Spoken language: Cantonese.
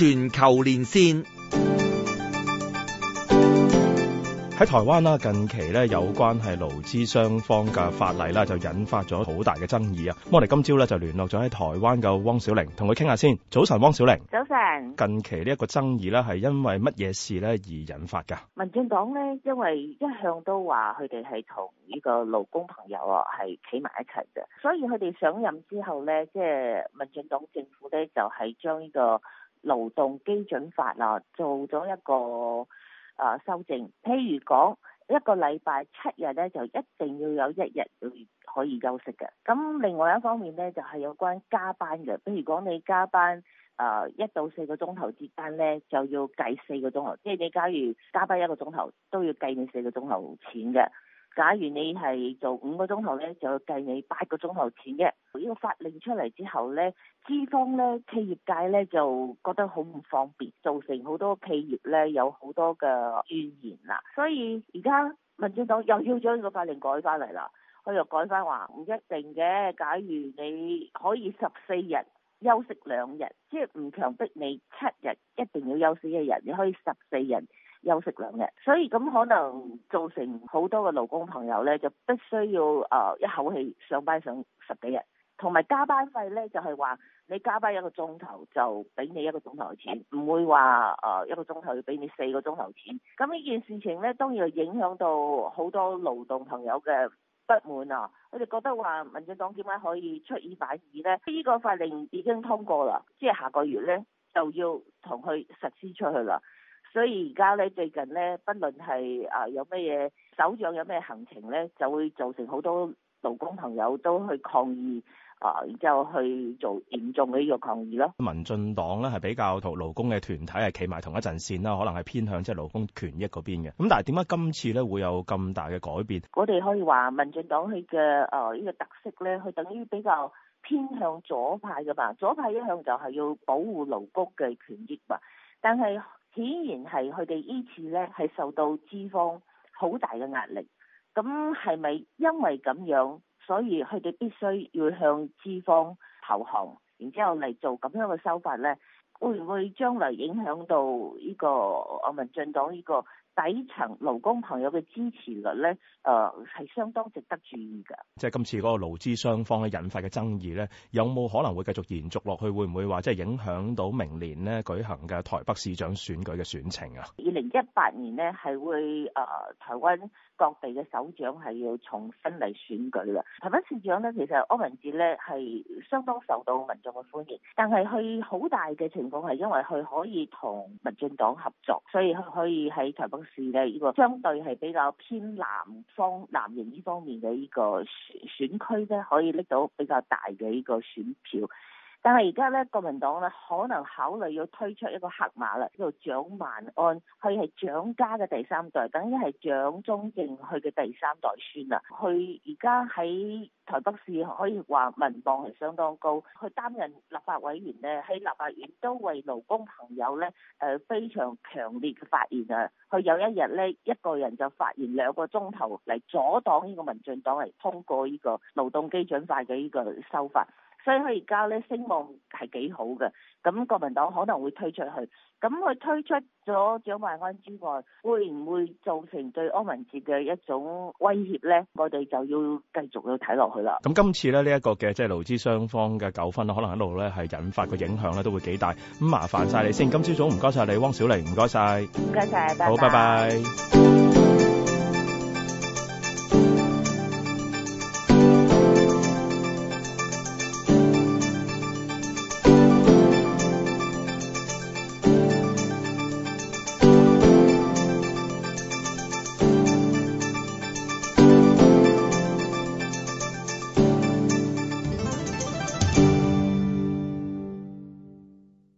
全球連線喺台灣啦，近期咧有關係勞資雙方嘅法例啦，就引發咗好大嘅爭議啊！我哋今朝咧就聯絡咗喺台灣嘅汪小玲，同佢傾下先。早晨，汪小玲。早晨。近期呢一個爭議咧，係因為乜嘢事咧而引發噶？民進黨咧，因為一向都話佢哋係同呢個勞工朋友啊係企埋一齊嘅，所以佢哋上任之後咧，即係民進黨政府咧，就係將呢個。勞動基準法啊，做咗一個啊、呃、修正，譬如講一個禮拜七日呢，就一定要有一日可以休息嘅。咁另外一方面呢，就係、是、有關加班嘅，譬如講你加班啊、呃、一到四個鐘頭之間呢就要計四個鐘頭，即係你假如加班一個鐘頭，都要計你四個鐘頭錢嘅。假如你係做五個鐘頭呢，就計你八個鐘頭錢嘅。呢個法令出嚟之後呢，資方呢，企業界呢，就覺得好唔方便，造成好多企業呢，有好多嘅怨言啦。所以而家民進黨又要將呢個法令改翻嚟啦，佢又改翻話唔一定嘅。假如你可以十四日休息兩日，即係唔強迫你七日一定要休息一日，你可以十四日，休息兩日，所以咁可能造成好多嘅勞工朋友呢，就必須要啊、呃、一口氣上班上十幾日，同埋加班費呢，就係、是、話你加班一個鐘頭就俾你一個鐘頭嘅錢，唔會話啊一個鐘頭要俾你四個鐘頭錢。咁呢件事情呢，當然係影響到好多勞動朋友嘅不滿啊！佢哋覺得話民進黨點解可以出爾反爾呢？呢、這個法令已經通過啦，即、就、係、是、下個月呢，就要同佢實施出去啦。所以而家咧最近咧，不論係啊有咩嘢首長，有咩行程咧，就會造成好多勞工朋友都去抗議，啊，然之後去做嚴重嘅呢個抗議咯。民進黨咧係比較同勞工嘅團體係企埋同一陣線啦，可能係偏向即係勞工權益嗰邊嘅。咁但係點解今次咧會有咁大嘅改變？我哋可以話民進黨佢嘅啊呢個特色咧，佢等於比較偏向左派㗎嘛，左派一向就係要保護勞工嘅權益嘛，但係。顯然係佢哋呢次呢係受到資方好大嘅壓力，咁係咪因為咁樣，所以佢哋必須要向資方投降，然之後嚟做咁樣嘅修法呢，會唔會將來影響到呢、呢個我民進黨呢、呢個？底層勞工朋友嘅支持率咧，誒、呃、係相當值得注意嘅。即係今次嗰個勞資雙方咧引發嘅爭議咧，有冇可能會繼續延續落去？會唔會話即係影響到明年咧舉行嘅台北市長選舉嘅選情啊？二零一八年呢，係會誒、呃、台灣各地嘅首長係要重新嚟選舉嘅。台灣市長咧其實柯文哲咧係相當受到民眾嘅歡迎，但係佢好大嘅情況係因為佢可以同民進黨合作，所以佢可以喺台北。呢、這個相對係比較偏南方南營呢方面嘅，呢個選選區咧可以拎到比較大嘅呢個選票。但係而家咧，國民黨咧可能考慮要推出一個黑馬啦，叫做蔣萬安，佢係蔣家嘅第三代，等於係蔣中正佢嘅第三代孫啦。佢而家喺台北市可以話民望係相當高，佢擔任立法委員呢，喺立法院都為勞工朋友呢誒非常強烈嘅發言啊！佢有一日呢，一個人就發言兩個鐘頭嚟阻擋呢個民進黨嚟通過呢個勞動基準法嘅呢個修法。所以佢而家咧聲望係幾好嘅，咁國民黨可能會推出去，咁佢推出咗蔣萬安之外，會唔會造成對柯文哲嘅一種威脅咧？我哋就要繼續要睇落去啦。咁今次咧呢一、這個嘅即係勞資雙方嘅糾紛可能一路咧係引發個影響咧都會幾大。咁麻煩晒你先，今朝早唔該晒你，汪小玲唔該晒。唔該晒，好拜拜。Bye bye bye bye